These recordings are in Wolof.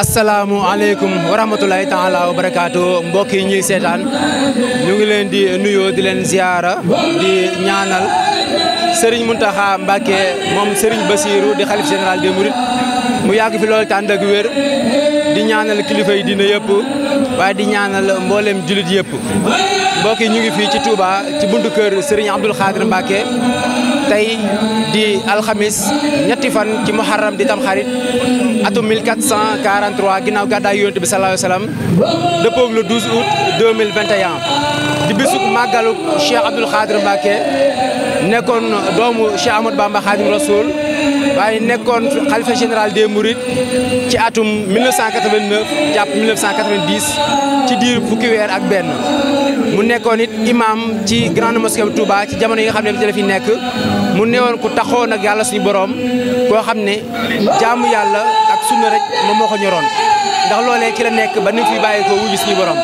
asalaamualeykum wa rahmatulahi taala wa barakaatu mbokk yi ñuy seetaan ñu ngi leen di nuyoo di leen ziyaara di ñaanal Serigne Mountakha Mbacké moom Serigne Bassirou di xalif général des mu yàgg fi loolu tànd ak di ñaanal kilifa yi dina yëpp waaye di ñaanal mboolem julit yëpp mbokk yi ñu ngi fii ci Touba ci buntu kër Serigne Abdoul Khadir tey di alxamis ñetti fan ci muharram di tamxarit atum 1443 ginnaaw gàddaay yonent bi sallallahu alayhi wa sallam dëppoog le 12 août 2021 di bisub màggaluk Cheikh Abdoul Khadr Mbacké nekkoon doomu Cheikh Ahmadou Bamba Khadim Rasoul waaye nekkoon xalifa général des Mourides ci atum 1989 jàpp 1990 ci diir fukki weer ak benn mu nekkoon it imam ci grande mosquée bu Touba ci jamono yi nga xam ne ci la fi nekk mu newoon ku taxoon ak yàlla suñu boroom koo xam ne jaamu yàlla ak sunna rek moom moo ko ñoroon ndax loolee ci la nekk ba ni fi bàyyi ko wuyu suñu borom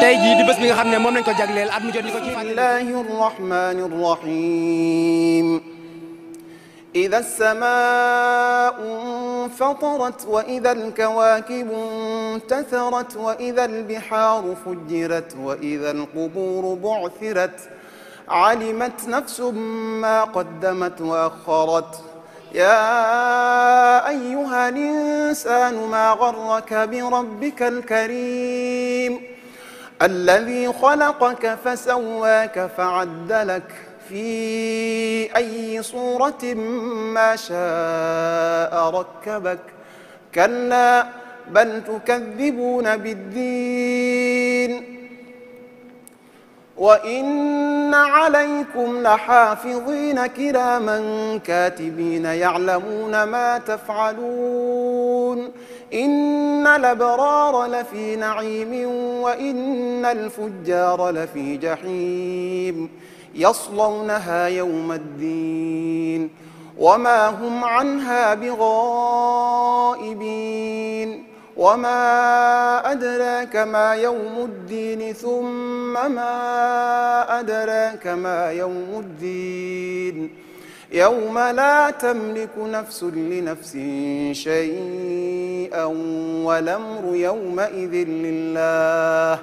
tey jii di bés bi nga xam ne moom nañ ko jagleel at mu jot ni ko ci bismillahi rahmani rahim إذا السماء انفطرت وإذا الكواكب انتثرت وإذا البحار فجرت وإذا القبور بعثرت علمت نفس ما قدمت وأخرت يا أيها الإنسان ما غرك بربك الكريم الذي خلقك فسواك فعدلك في أي صورة ما شاء ركبك كلا بل تكذبون بالدين وإن عليكم لحافظين كراما كاتبين يعلمون ما تفعلون إن الأبرار لفي نعيم وإن الفجار لفي جحيم يصلونها يوم الدين وما هم عنها بغائبين وما أدراك ما يوم الدين ثم ما أدراك ما يوم الدين يوم لا تملك نفس لنفس شيئا والأمر يومئذ لله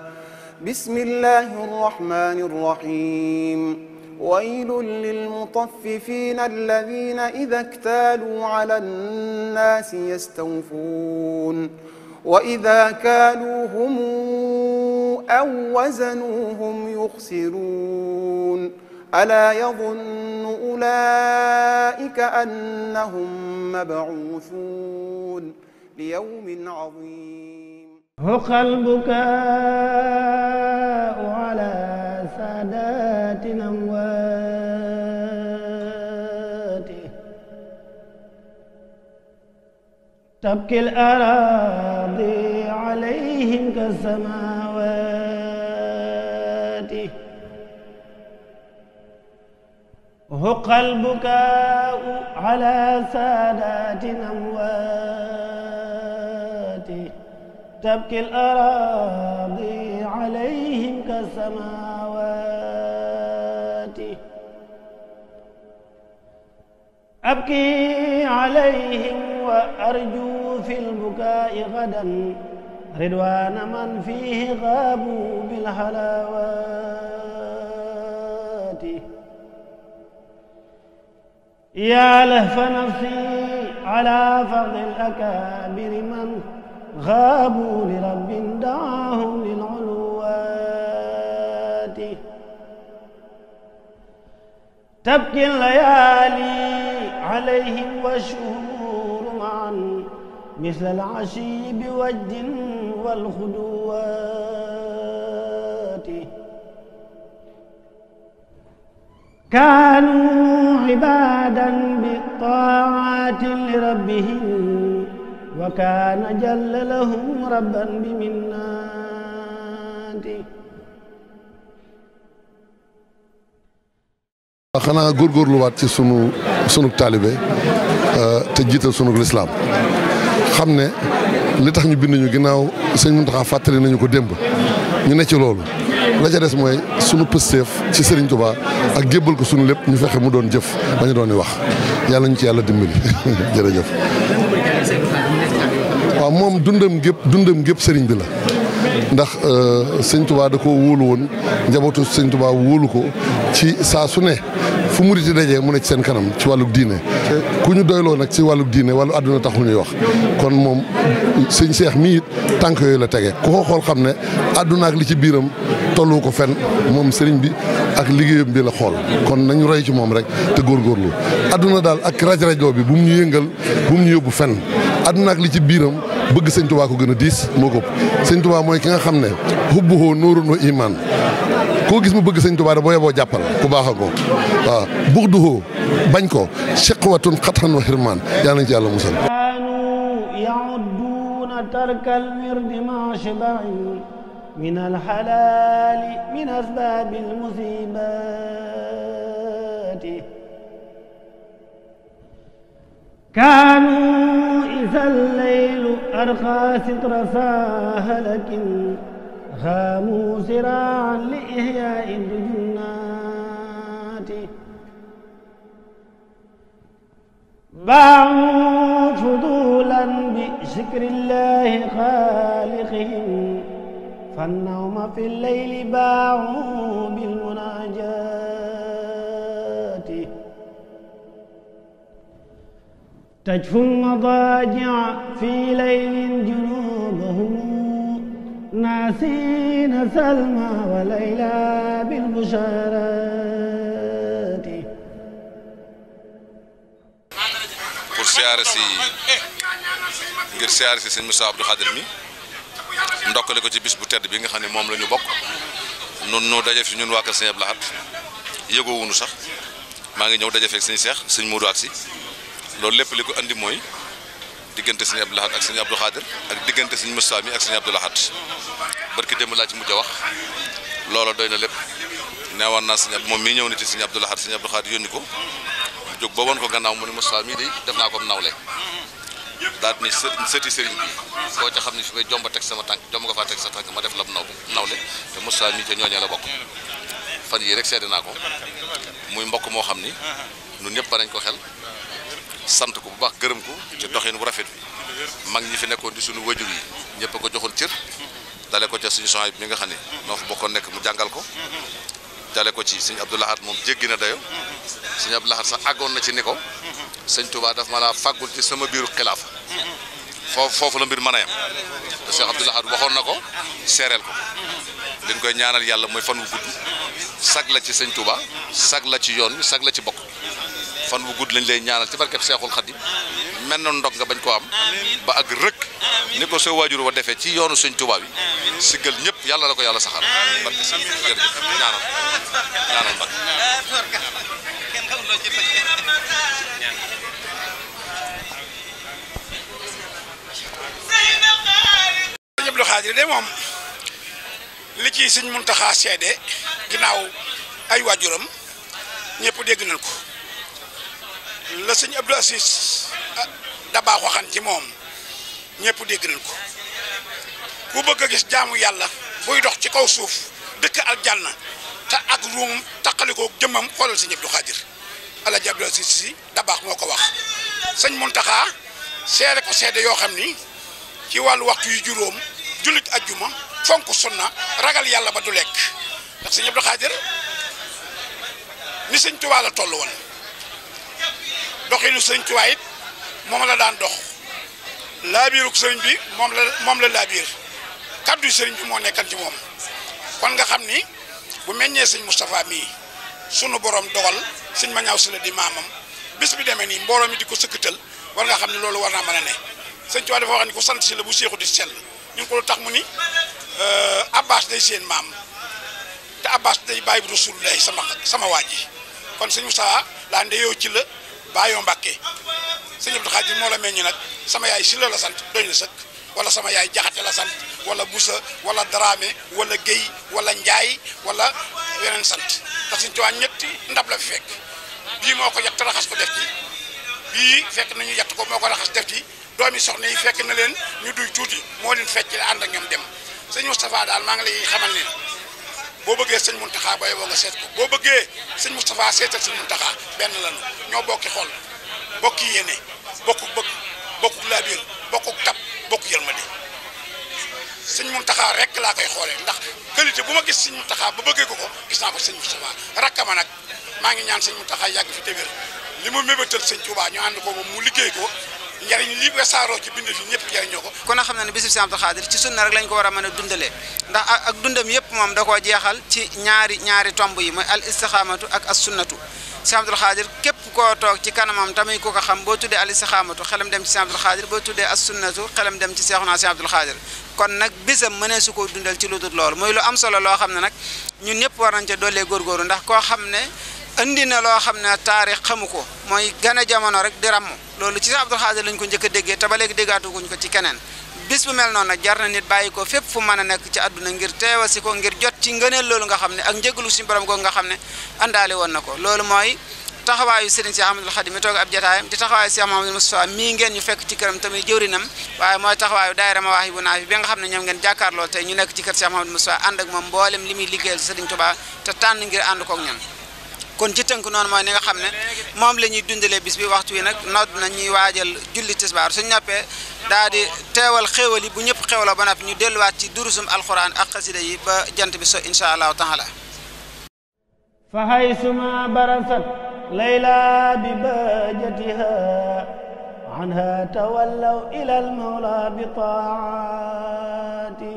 بسم الله الرحمن الرحيم ويل للمطففين الذين إذا اكتالوا على الناس يستوفون وإذا كالوهم أو وزنوهم يخسرون ألا يظن أولئك أنهم مبعوثون ليوم عظيم حق البكاء على سادات أمواته تبكي الأراضي عليهم كالسماوات حق البكاء على سادات أمواته تبكي الأراضي عليهم كالسماوات أبكي عليهم وأرجو في البكاء غدا رضوان من فيه غابوا بالحلاوات يا لهف نفسي على فضل الأكابر من غابوا لرب دعاهم للعلوات تبكي الليالي عليهم والشهور معا مثل العشي بوجد والخدوات كانوا عبادا بالطاعات لربهم wa kaana jalla lahum rabban bi minnaati xanaa góorgóorluwaat ci sunu sunu taalibe euh, te jiital sunu lislaam xam ne li tax ñu bind ñu ginnaaw sëñ a fàttali nañu ko demb ñu ne ci loolu la ca des mooy sunu pësteef ci Serigne Touba ak jébbal ko sunu lépp ñu fexe mu doon jëf ba doon di wax yàlla ñu ci yàlla dimbali jërëjëf. waaw moom dundam gépp dundam gépp sëriñ bi la ndax euh, sëñ Tuba da ko wóolu woon njabootu sëñ Tuba wóolu ko ci saa su ne fu murit yi dajee mu ne ci seen kanam ci wàllu diine ku ñu doyloo nag ci wàllu diine wàllu àdduna taxul ñuy wax kon moom sëñ Cheikh mii it tànk yooyu la tege ku ko xool xam ne àdduna ak li ci biiram tollu ko fen moom sëriñ bi ak liggéeyam bi la xool kon nañu roy ci moom rek te góorgóorlu àdduna daal ak raj rajoo bi bu mu ñu yëngal bu mu ñu yóbbu fen àdduna li ci biiram bëgg sëñ Tuubaa ko gën a diis moo ko sëñ Tuubaa mooy ki nga xam ne hubbuhu nuurun wa iman koo gis mu bëgg sëñ Tuubaa da boo yeboo jàppal ku baax a ko waaw buxduhu bañ ko shiqwatun xatxan wa xirmaan yaa nañ ci yàlla musal من الحلال من أسباب المصيبات كانوا إذا الليل أرقى ستر فاهلك هاموا زراعا لإحياء الجنات باعوا فضولا بشكر الله خالقهم فالنوم في الليل باعوا بال تجفو مضاجع في ليل جنوبهم ناسين bi وليلى بالبشارات pour siyaare si ngir siyaare si sëñ Moussa Abdou Khadir mi ndokkale ko ci bis bu tedd bi nga xam ne moom lañu bokk nun nu daje fi ñun waa kër sëñ Abdou Lahad sax maa ngi ñëw daje feek sëñ Cheikh sëñ ak si loolu lépp li ko indi mooy diggante sëñ Abdou Lahad ak sëñ Abdou Khadir ak diggante sëñ Moussa mi ak sëñ Abdou Lahad barki démb laa ci mujj a wax loola doy na lépp neewaan naa sëñ moom mii ñëw na ci sëñ Abdou Lahad sëñ Abdou Khadir ko mu jóg ba woon ko gannaaw mu ne Moussa mii de def naa ko am nawle daal ni sëti sëriñ bi koo ca xam ne fi may jomba teg sama tànk jomb nga faa teg sa tànk ma def la naw nawle te Moussa mii ca ñooñee la bokk fan yii rek seede naa ko muy mbokk moo xam ni ñun ñëpp ba nañ ko xel sant ko bu baax gërëm ko ci doxin bu rafet bi mag ñi fi nekkoon di suñu wajur yi ñëpp a ko joxoon cër dale ko ca suñu soxna bi mi nga xam ne moo fa bokkoon nekk mu jàngal ko dale ko ci suñu Abdou moom jéggi na dayo suñu Abdou Lahad sax àggoon na ci ni ko sëñ Touba daf ma laa fàggul ci sama biiru xilaafa foofu foofu la mbir mën a yem te sëñ Abdou waxoon na ko seereel ko dañ koy ñaanal yàlla mooy fan wu gudd sag la ci sëñ Touba sag la ci yoon wi sag la ci bokk fan wu gudd lañ lay ñaanal ci barkeb Seexul Xadim mel na ndog nga bañ koo am ba ak waajur defee ci yoonu Sëñ Tuubaa bi siggal ko yàlla saxal barke si jërëjëf ñaanal ñaanal barke Abdou Khadir de moom li ci Sëñ Muntaxa seede ginnaaw ay waajuram ñëpp dégg nañ ko la sëñ Abdou Aziz ah, da baax waxan ci moom ñëpp dégg nañ ko ku bëgg a gis jaamu yàlla buy dox ci kaw suuf dëkk na te ak ruum taqalikoo jëmmam xoolal sëñ Abdou Xaadir Alaaji Abdou Aziz Si Dabaax moo ko wax sëñ Muntaxa seede ko seede yoo xam ni ci wàllu waxtu yu juróom jullit ajjuma fonk sunna ragal yàlla ba du lekk ndax sëñ Abdou Xaadir ni sëñ Tuubaa la toll woon doxinu sëñ Tuubaa it moom la daan dox laabiiruk sëriñ bi moom la moom la laabiir kaddu sëriñ bi moo nekkan ci moom kon nga xam ni bu meññee sëñ Moustapha mii sunu borom dogal sëñ ma ñaaw si la di maamam bis bi demee nii mbooloo mi di ko sëkkatal war nga xam ne loolu war naa mën a ne sëñ Tuubaa dafa wax ni ko sant si la bu seexu di sel ñu ngi ko lu tax mu ni euh, Abbas day seen maam te Abbas day bàyyi bu Rasulullahi sama sama waa ji kon sëñ Moustapha daan de ci la. baayoo Mbàkke sëñ Abdou Khadir moo la mel meññ nag sama yaay Sylla la sant doy na sëkk wala sama yaay Jaxate la sant wala Busa wala Dramé wala Guèye wala Njaay wala weneen sant te suñ tuwaan ñetti ndab la fi fekk bii moo ko yett raxas ko def ci bii fekk nañu yett ko moo ko raxas def ci doomi soxna yi fekk na leen ñu duy tuuti moo leen fecc la ànd ak ñoom dem sëñ Moustapha daal maa ngi lay xamal ne boo bëggee sëñ Muntaxa bay boo nga seet ko boo bëggee sëñ Moustapha seetal sëñ Muntaxa benn lañu ñoo bokki xol bokki yéene bokku bëgg bokku laabir bokku tab bokku yërmande sëñ Muntaxa rek laa koy xoolee ndax qualité bu ma gis sëñ Muntaxa ba bëggee ko ko gis naa ko sëñ Moustapha ma nag maa ngi ñaan sëñ Muntaxa yàgg fi téwér li mu mébétal sëñ Tuubaa ñu ànd ko mu liggéey ko njariñ li wesaaroo ci bind fi ñëpp jariñoo ko kon a xam na ne bisub Sëriñ Abdou Khadre ci sunna rek lañ ko war a mën a dundalee ndax ak dundam yëpp moom da koo jeexal ci ñaari ñaari tomb yi mooy al istixaamatu ak as sunnatu Sëriñ Abdou Khadre képp koo toog ci kanamam tamit ku ko xam boo tuddee al istixaamatu xelam dem ci Sëriñ Abdou Khadre boo tuddee as sunnatu xelam dem ci Seexuna Sëriñ Abdou Khadre kon nag bisam mënee su ko dundal ci lu lool mooy lu am solo loo xam ne nag ñun ñëpp war nañ ca doolee góorgóoru ndax koo xam ne indi na loo xam ne taarix xamu ko mooy gane jamono rek di ràmm loolu ci Seex Abdul Xaadir lañ ko njëkk a déggee te ba léegi déggaatuguñ ko ci keneen bis bu mel noon nag jar na nit bàyyi ko fépp fu mën a nekk ci àdduna ngir teewa si ko ngir jot ci ngëneel loolu nga xam ne ak njëgalu si borom googu nga xam ne àndaale woon na ko loolu mooy taxawaayu Serigne Cheikh Ahmadul Xadim mi toog ab jotaayam di taxawaayu Cheikh Mahamadul Moustapha mii ngeen ñu fekk ci këram tamit jëwrinam waaye mooy taxawaayu daayira Mawaahibu Naafi bi nga xam ne ñoom ngeen jàkkaarloo tey ñu nekk ci kër Cheikh Mahamadul Moustapha ànd ak moom muy liggéeyal Serigne Touba te tànn ngir ànd kook ñun kon ci tënk noonu mooy ni nga xam ne moom la ñuy dundalee bis bi waxtu wi nag nodd na ñuy waajal julli tisbaar suñ noppee daa di teewal xéewal yi bu ñëpp xéewaloo ba noppi ñu delluwaat ci durusum alxuraan ak xasida yi ba jant bi so insha allahu taala fa haysuma barasat layla bi bajatiha anha tawallaw ila almawla bi taati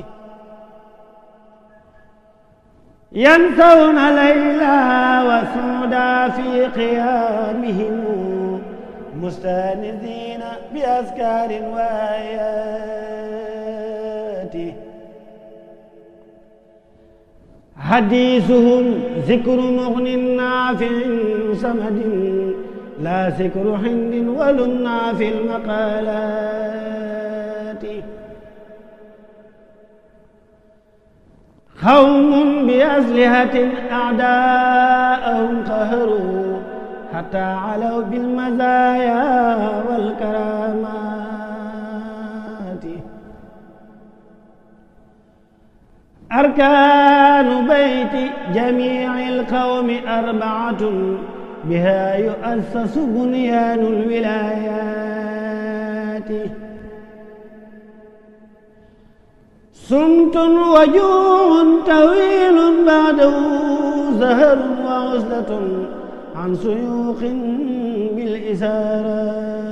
ينسون ليلى وسودا في قيامهم مستانسين بأذكار وآيات حديثهم ذكر مغن نافع صمد لا ذكر حند ولنا في المقالات قوم بأسلحة أعداءهم قهروا حتى علوا بالمزايا والكرامات أركان بيت جميع القوم أربعة بها يؤسس بنيان الولايات صمت وجوع طويل بعده زهر وعزلة عن سيوخ بالإسارات